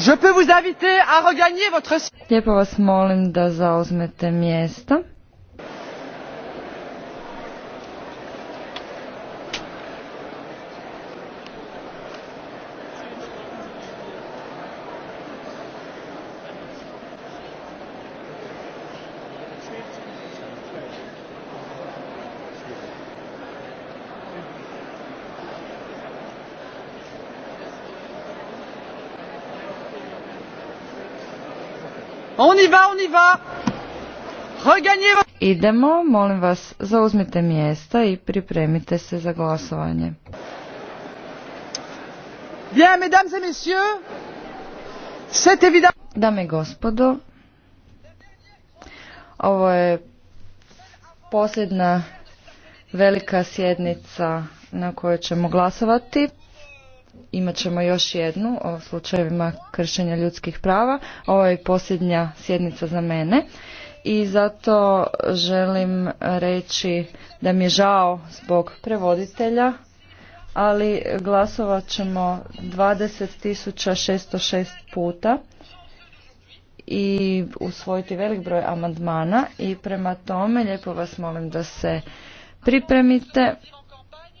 Je peux vous inviter à regagner votre... Lijepo da zauzmete mjesta. On y va, on y va. Idemo, molim vas, zauzmite mjesta i pripremite se za glasovanje. Bien, mesdames et messieurs, c'est évident... Dame i gospodo, ovo je posljedna velika sjednica na kojoj ćemo glasovati imat ćemo još jednu o slučajevima kršenja ljudskih prava. Ovo je posljednja sjednica za mene i zato želim reći da mi je žao zbog prevoditelja, ali glasovat ćemo 20.606 puta i usvojiti velik broj amandmana i prema tome lijepo vas molim da se pripremite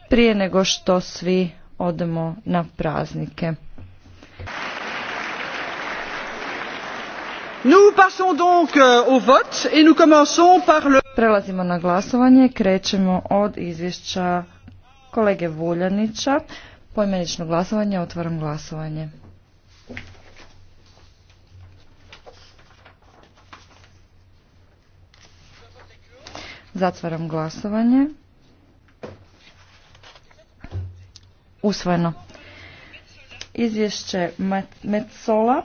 prije nego što svi odemo na praznike. Nous passons donc euh, au vote et nous commençons par le... Prelazimo na glasovanje, krećemo od izvješća kolege Vuljanića. Pojmenično glasovanje, otvaram glasovanje. Zatvaram glasovanje. usvojeno. Izvješće Metsola,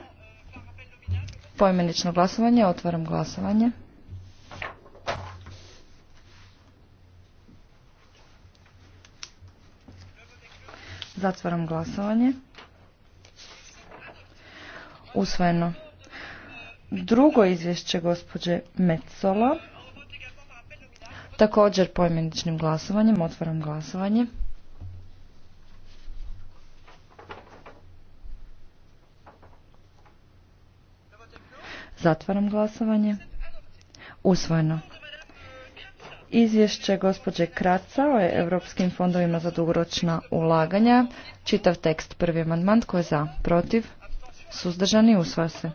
pojmenično glasovanje, otvaram glasovanje. Zatvaram glasovanje. Usvojeno. Drugo izvješće gospođe Metsola. Također pojmeničnim glasovanjem otvaram glasovanje. Zatvaram glasovanje. Usvojeno. Izvješće gospođe Kraca o Europskim fondovima za dugoročna ulaganja. Čitav tekst. Prvi amandman. Tko je za? Protiv? Suzdržani? Usvoja se.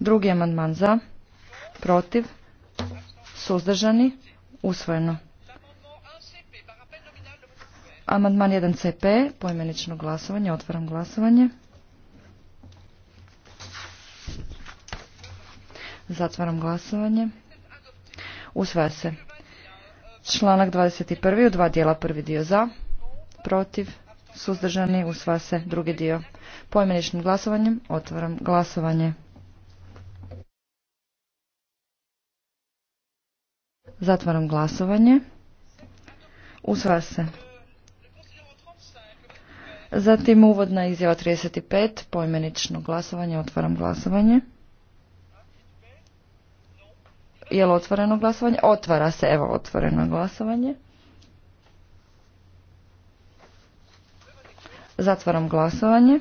Drugi amandman za? Protiv? Suzdržani? Usvojeno. Amandman 1 CP, poimenično glasovanje, otvaram glasovanje. Zatvaram glasovanje. Usvaja se. Članak 21. u dva dijela. Prvi dio za, protiv, suzdržani, usvaja se. Drugi dio. Poimeničnim glasovanjem otvaram glasovanje. Zatvaram glasovanje. Usvaja se. Zatim uvodna izjava 35, poimenično glasovanje, otvaram glasovanje. Je li otvoreno glasovanje? Otvara se, evo, otvoreno glasovanje. Zatvaram glasovanje.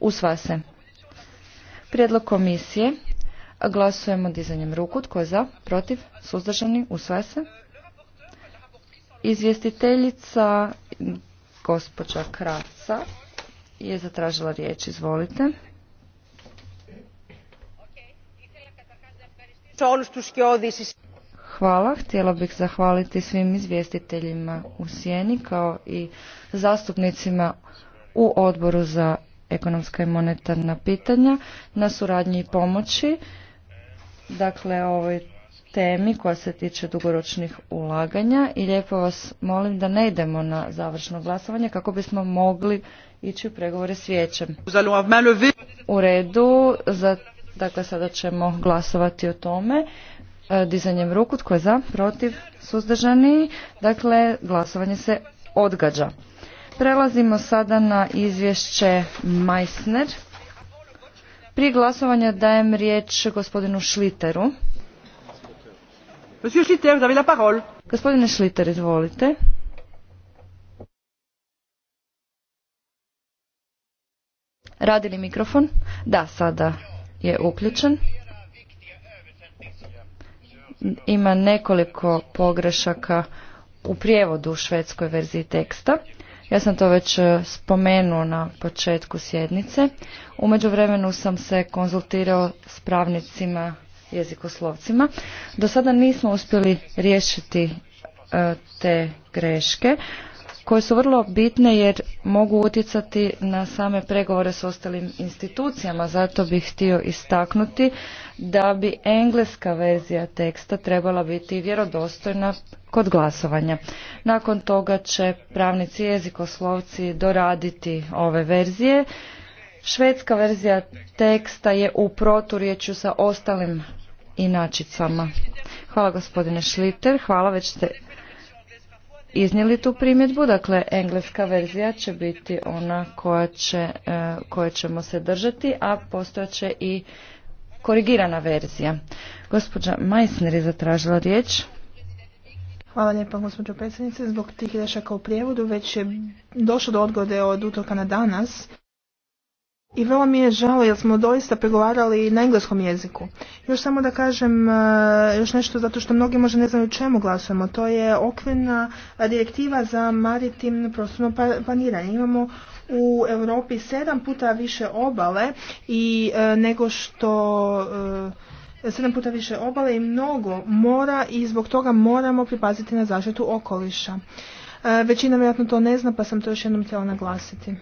Usvaja se. Prijedlog komisije. Glasujemo dizanjem ruku. Tko je za? Protiv? Suzdržani? Usvaja se. Izvjestiteljica gospođa Kraca je zatražila riječ. Izvolite. Hvala. Htjela bih zahvaliti svim izvjestiteljima u Sjeni kao i zastupnicima u odboru za ekonomska i monetarna pitanja na suradnji i pomoći. Dakle, ovoj temi koja se tiče dugoročnih ulaganja i lijepo vas molim da ne idemo na završno glasovanje kako bismo mogli ići u pregovore s vijećem. U redu, za Dakle, sada ćemo glasovati o tome. E, dizanjem ruku, tko je za, protiv, suzdržani. Dakle, glasovanje se odgađa. Prelazimo sada na izvješće Meissner. Prije glasovanja dajem riječ gospodinu Šliteru. Monsieur Schlitter, vous avez la parole. Gospodine Šliter, izvolite. Radi li mikrofon? Da, sada je uključen. Ima nekoliko pogrešaka u prijevodu u švedskoj verziji teksta. Ja sam to već e, spomenuo na početku sjednice. U međuvremenu sam se konzultirao s pravnicima jezikoslovcima. Do sada nismo uspjeli riješiti e, te greške koje su vrlo bitne jer mogu utjecati na same pregovore s ostalim institucijama. Zato bih htio istaknuti da bi engleska verzija teksta trebala biti vjerodostojna kod glasovanja. Nakon toga će pravnici jezikoslovci doraditi ove verzije. Švedska verzija teksta je u proturječju sa ostalim inačicama. Hvala gospodine Šliter, hvala već ste iznijeli tu primjedbu. Dakle, engleska verzija će biti ona koja će, e, koje ćemo se držati, a postojaće i korigirana verzija. Gospođa Majsner je zatražila riječ. Hvala lijepa gospođo predsjednice. Zbog tih grešaka u prijevodu već je došlo do odgode od utoka na danas. I vrlo mi je žao jer smo doista pregovarali na engleskom jeziku. Još samo da kažem e, još nešto zato što mnogi možda ne znaju čemu glasujemo. To je okvirna direktiva za maritimno prostorno pa-, planiranje. Imamo u Europi sedam puta više obale i e, nego što e, sedam puta više obale i mnogo mora i zbog toga moramo pripaziti na zaštitu okoliša. Većina vjerojatno to ne zna pa sam to još jednom htjela naglasiti.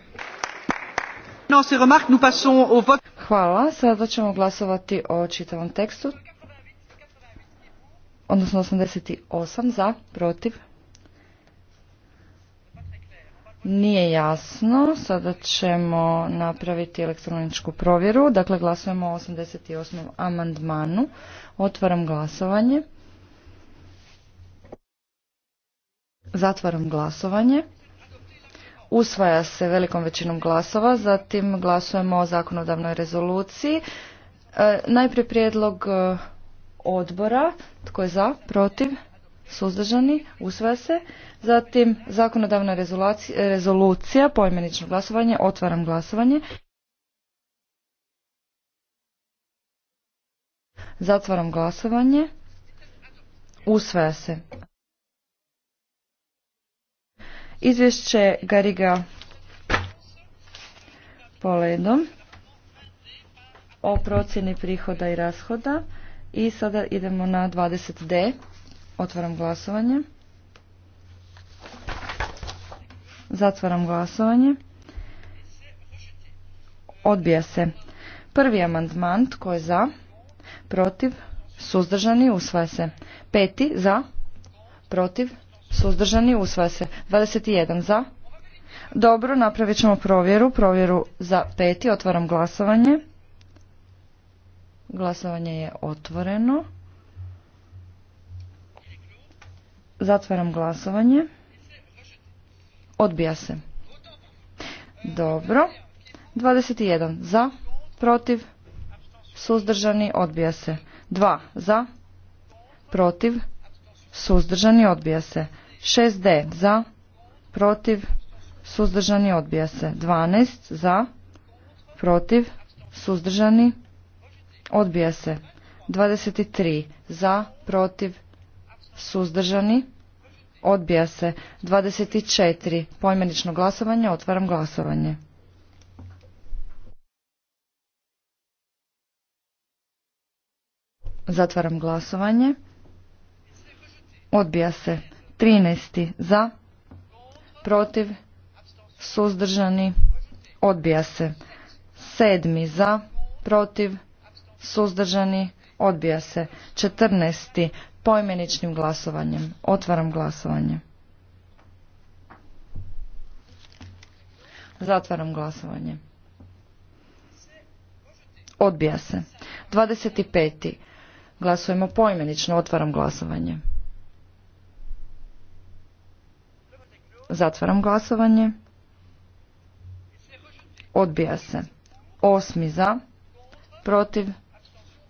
Hvala. Sada ćemo glasovati o čitavom tekstu. Odnosno 88 za, protiv. Nije jasno. Sada ćemo napraviti elektroničku provjeru. Dakle, glasujemo o 88. amandmanu. Otvaram glasovanje. Zatvaram glasovanje usvaja se velikom većinom glasova, zatim glasujemo o zakonodavnoj rezoluciji. E, najprije prijedlog e, odbora, tko je za, protiv, suzdržani, usvaja se. Zatim zakonodavna rezolucija, poimenično glasovanje, otvaram glasovanje. Zatvaram glasovanje. Usvaja se. Izvješće Gariga Poledom o procjeni prihoda i rashoda. I sada idemo na 20D. Otvaram glasovanje. Zatvaram glasovanje. Odbija se. Prvi amandman, tko je za? Protiv? Suzdržani? Usvaja se. Peti, za? Protiv? Suzdržani usvaja se. 21 za. Dobro, napravit ćemo provjeru. Provjeru za peti. Otvaram glasovanje. Glasovanje je otvoreno. Zatvaram glasovanje. Odbija se. Dobro. 21 za, protiv, suzdržani, odbija se. 2 za, protiv, suzdržani, odbija se. 6D za, protiv, suzdržani odbija se. 12 za, protiv, suzdržani odbija se. 23 za, protiv, suzdržani odbija se. 24 pojmenično glasovanje, otvaram glasovanje. Zatvaram glasovanje. Odbija se. 13. za, protiv, suzdržani, odbija se. 7. za, protiv, suzdržani, odbija se. 14. poimeničnim glasovanjem. Otvaram glasovanje. Zatvaram glasovanje. Odbija se. 25. Glasujemo poimenično. Otvaram glasovanje. Zatvaram glasovanje. Odbija se. Osmi za. Protiv.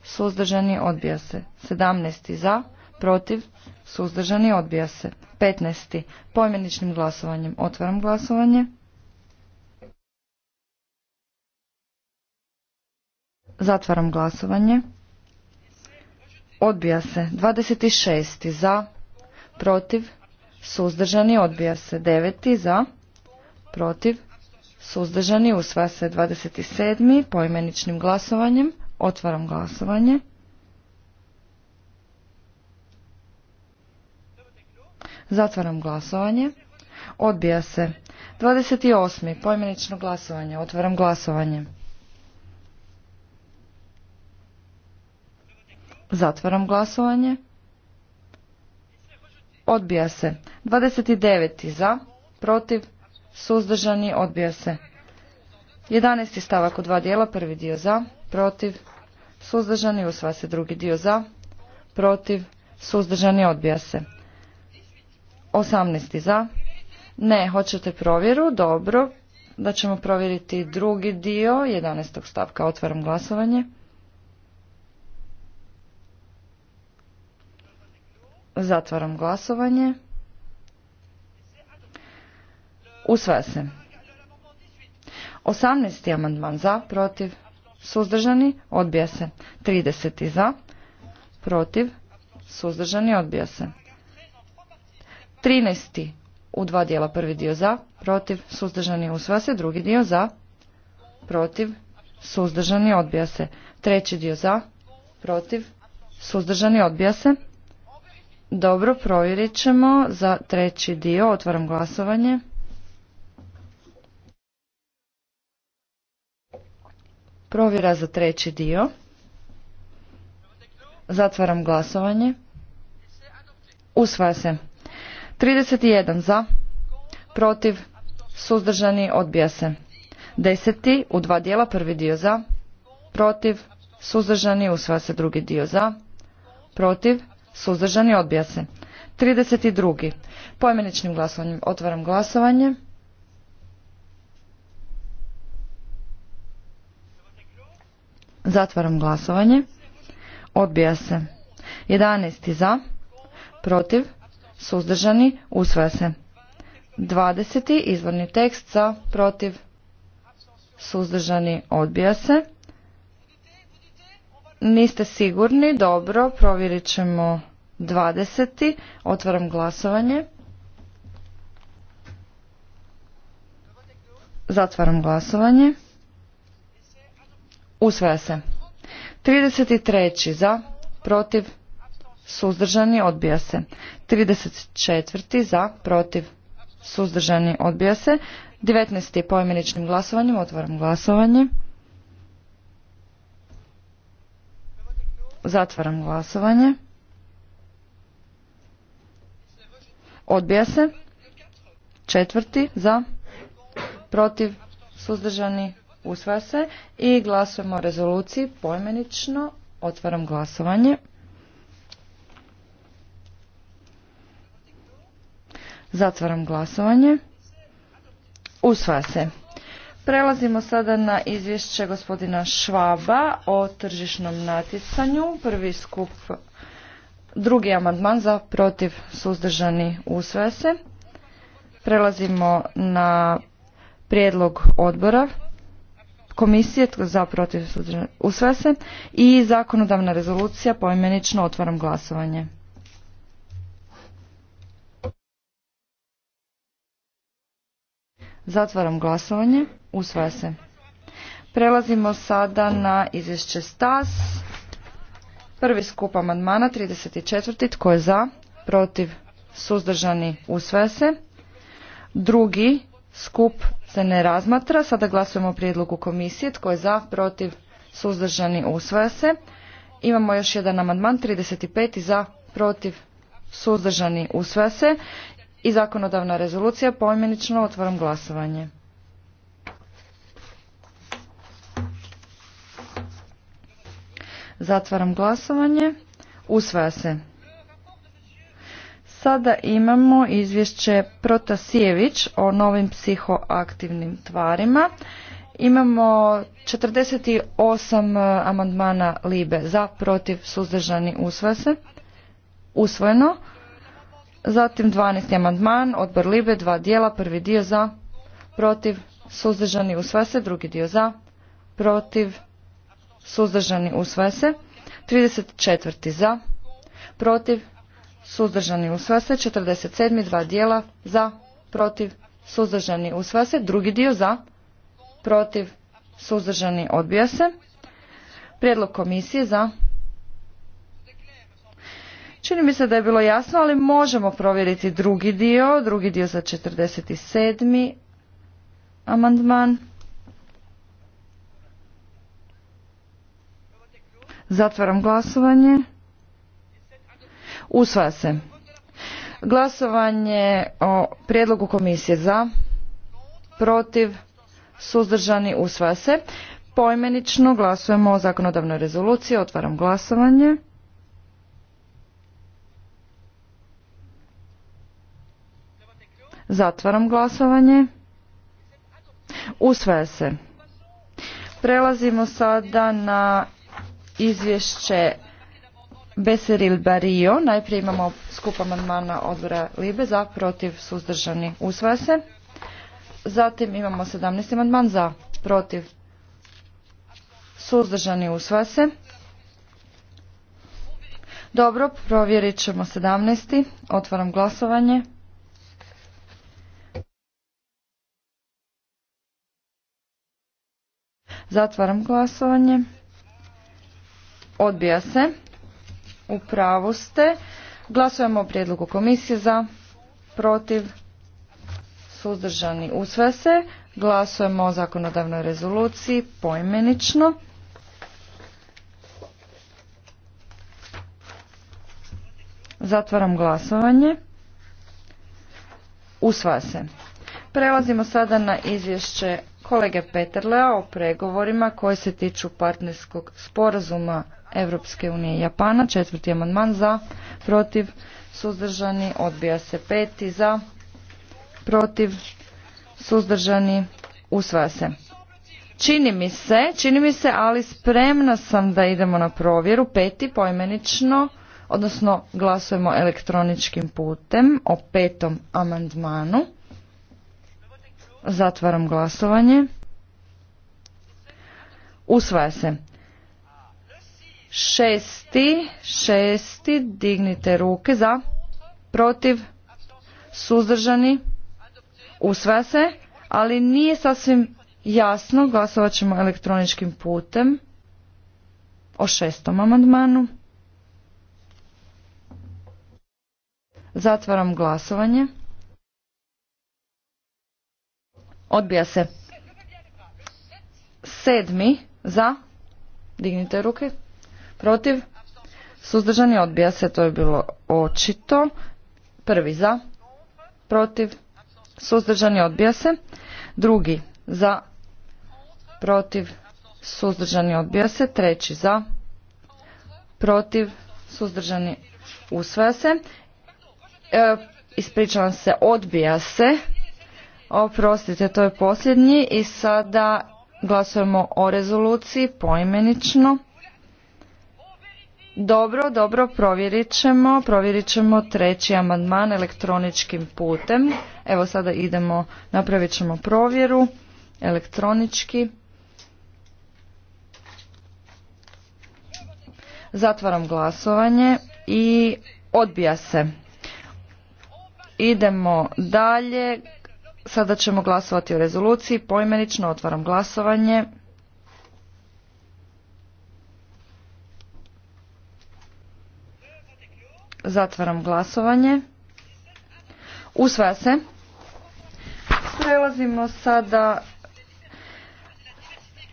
Suzdržani odbija se. Sedamnesti za. Protiv. Suzdržani odbija se. Petnesti. Pojmeničnim glasovanjem. Otvaram glasovanje. Zatvaram glasovanje. Odbija se. 26. za. Protiv suzdržani, odbija se 9. za, protiv, suzdržani, usvaja se 27. poimeničnim glasovanjem, otvaram glasovanje. Zatvaram glasovanje. Odbija se. 28. Poimenično glasovanje. Otvaram glasovanje. Zatvaram glasovanje. Odbija se. 29. za, protiv, suzdržani, odbija se. 11. stavak u dva dijela, prvi dio za, protiv, suzdržani, usva se drugi dio za, protiv, suzdržani, odbija se. 18. za, ne, hoćete provjeru, dobro, da ćemo provjeriti drugi dio 11. stavka, otvaram glasovanje. Zatvaram glasovanje. Usvaja se. 18. amandman za, protiv, suzdržani, odbija se. 30. za, protiv, suzdržani, odbija se. 13. u dva dijela prvi dio za, protiv, suzdržani, usvaja se. Drugi dio za, protiv, suzdržani, odbija se. Treći dio za, protiv, suzdržani, odbija se. Dobro, provjerit ćemo za treći dio. Otvaram glasovanje. Provjera za treći dio. Zatvaram glasovanje. Usvaja se. 31 za, protiv, suzdržani, odbija se. Deseti u dva dijela, prvi dio za, protiv, suzdržani, usvaja se drugi dio za, protiv, Suzdržani odbija se. 32. Pojmeničnim glasovanjem otvaram glasovanje. Zatvaram glasovanje. Odbija se. 11. za. Protiv. Suzdržani. Usvaja se. 20. Izvorni tekst za. Protiv. Suzdržani. Odbija se. Niste sigurni, dobro, provjerit ćemo 20. Otvaram glasovanje. Zatvaram glasovanje. Usvaja se. 33. za, protiv, suzdržani, odbija se. 34. za, protiv, suzdržani, odbija se. 19. pojmeničnim glasovanjem otvaram glasovanje. Zatvaram glasovanje. Odbija se. Četvrti za. Protiv. Suzdržani. Usvaja se. I glasujemo o rezoluciji poimenično. Otvaram glasovanje. Zatvaram glasovanje. Usvaja se. Prelazimo sada na izvješće gospodina Švaba o tržišnom natjecanju. Prvi skup, drugi amandman za protiv suzdržani usvaja se. Prelazimo na prijedlog odbora komisije za protiv suzdržani usvaja se i zakonodavna rezolucija poimenično otvaram glasovanje. Zatvaram glasovanje. Usvaja se. Prelazimo sada na izvješće STAS. Prvi skup amandmana, 34. Tko je za? Protiv? Suzdržani? Usvaja se. Drugi skup se ne razmatra. Sada glasujemo o prijedlogu komisije. Tko je za? Protiv? Suzdržani? Usvaja se. Imamo još jedan amandman, 35. Za? Protiv? Suzdržani? Usvaja se. I zakonodavna rezolucija. Pojmenično otvorom glasovanje. Zatvaram glasovanje. Usvaja se. Sada imamo izvješće Protasijević o novim psihoaktivnim tvarima. Imamo 48 e, amandmana Libe za, protiv, suzdržani, usvaja se. Usvojeno. Zatim 12. amandman, odbor Libe, dva dijela, prvi dio za, protiv, suzdržani, usvaja se, drugi dio za, protiv, suzdržani usvaja se. 34. za, protiv, suzdržani usvaja se. 47. dva dijela za, protiv, suzdržani usvaja se. Drugi dio za, protiv, suzdržani odbija se. Prijedlog komisije za, Čini mi se da je bilo jasno, ali možemo provjeriti drugi dio, drugi dio za 47. amandman. Zatvaram glasovanje. Usvaja se. Glasovanje o prijedlogu komisije za, protiv, suzdržani, usvaja se. Poimenično glasujemo o zakonodavnoj rezoluciji. Otvaram glasovanje. Zatvaram glasovanje. Usvaja se. Prelazimo sada na izvješće Beseril Bario. Najprije imamo skup amandmana odbora Libe za, protiv, suzdržani, usvaja se. Zatim imamo 17. amandman za, protiv, suzdržani, usvaja se. Dobro, provjerit ćemo 17. Otvaram glasovanje. Zatvaram glasovanje. Odbija se. U pravu ste. Glasujemo o prijedlogu komisije za, protiv, suzdržani, usvaja se. Glasujemo o zakonodavnoj rezoluciji poimenično. Zatvaram glasovanje. Usvaja se. Prelazimo sada na izvješće kolege Peterlea o pregovorima koje se tiču partnerskog sporazuma Europske unije i Japana. Četvrti amandman za, protiv, suzdržani, odbija se peti za, protiv, suzdržani, usvaja se. Čini mi se, čini mi se, ali spremna sam da idemo na provjeru. Peti poimenično, odnosno glasujemo elektroničkim putem o petom amandmanu. Zatvaram glasovanje. Usvaja se. Šesti, šesti, dignite ruke za, protiv, suzdržani, usvaja se, ali nije sasvim jasno, glasovat ćemo elektroničkim putem o šestom amandmanu. Zatvaram glasovanje. Odbija se. Sedmi za. Dignite ruke. Protiv. Suzdržani odbija se. To je bilo očito. Prvi za. Protiv. Suzdržani odbija se. Drugi za. Protiv. Suzdržani odbija se. Treći za. Protiv. Suzdržani usvaja se. E, ispričavam se. Odbija se. Oprostite, to je posljednji i sada glasujemo o rezoluciji poimenično. Dobro, dobro, provjerit ćemo. Provjerit ćemo treći amandman elektroničkim putem. Evo sada idemo, napravit ćemo provjeru elektronički. Zatvaram glasovanje i odbija se. Idemo dalje. Sada ćemo glasovati o rezoluciji. Poimenično otvaram glasovanje. Zatvaram glasovanje. Usvaja se. Prelazimo sada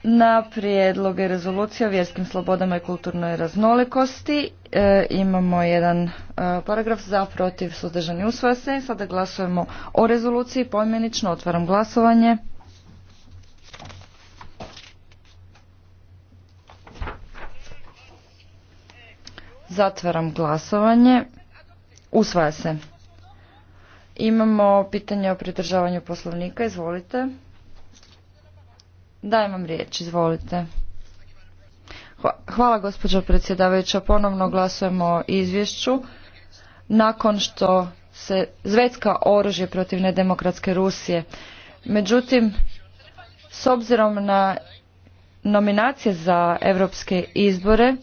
na prijedloge rezolucije o vjerskim slobodama i kulturnoj raznolikosti. E, imamo jedan e, paragraf za protiv suzdržani usvoja se. Sada glasujemo o rezoluciji pojmenično. Otvaram glasovanje. Zatvaram glasovanje. Usvaja se. Imamo pitanje o pridržavanju poslovnika. Izvolite. Dajem vam riječ, izvolite. Hvala gospođo predsjedavajuća. Ponovno glasujemo o izvješću. Nakon što se zvetska oružje protiv nedemokratske Rusije. Međutim, s obzirom na nominacije za europske izbore,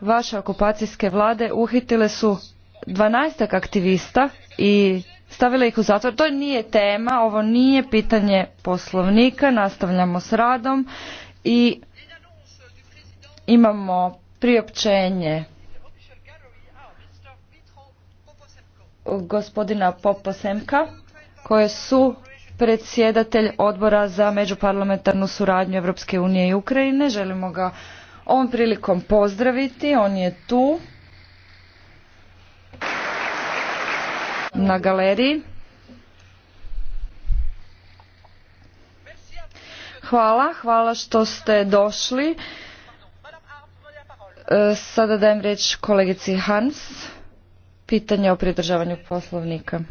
vaše okupacijske vlade uhitile su dvanaestak aktivista i stavila ih u zatvor. To nije tema, ovo nije pitanje poslovnika, nastavljamo s radom i imamo priopćenje gospodina Poposemka koje su predsjedatelj odbora za međuparlamentarnu suradnju Europske unije i Ukrajine. Želimo ga ovom prilikom pozdraviti, on je tu. na galeriji. Hvala, hvala što ste došli. E, sada dajem riječ kolegici Hans. Pitanje o pridržavanju poslovnika.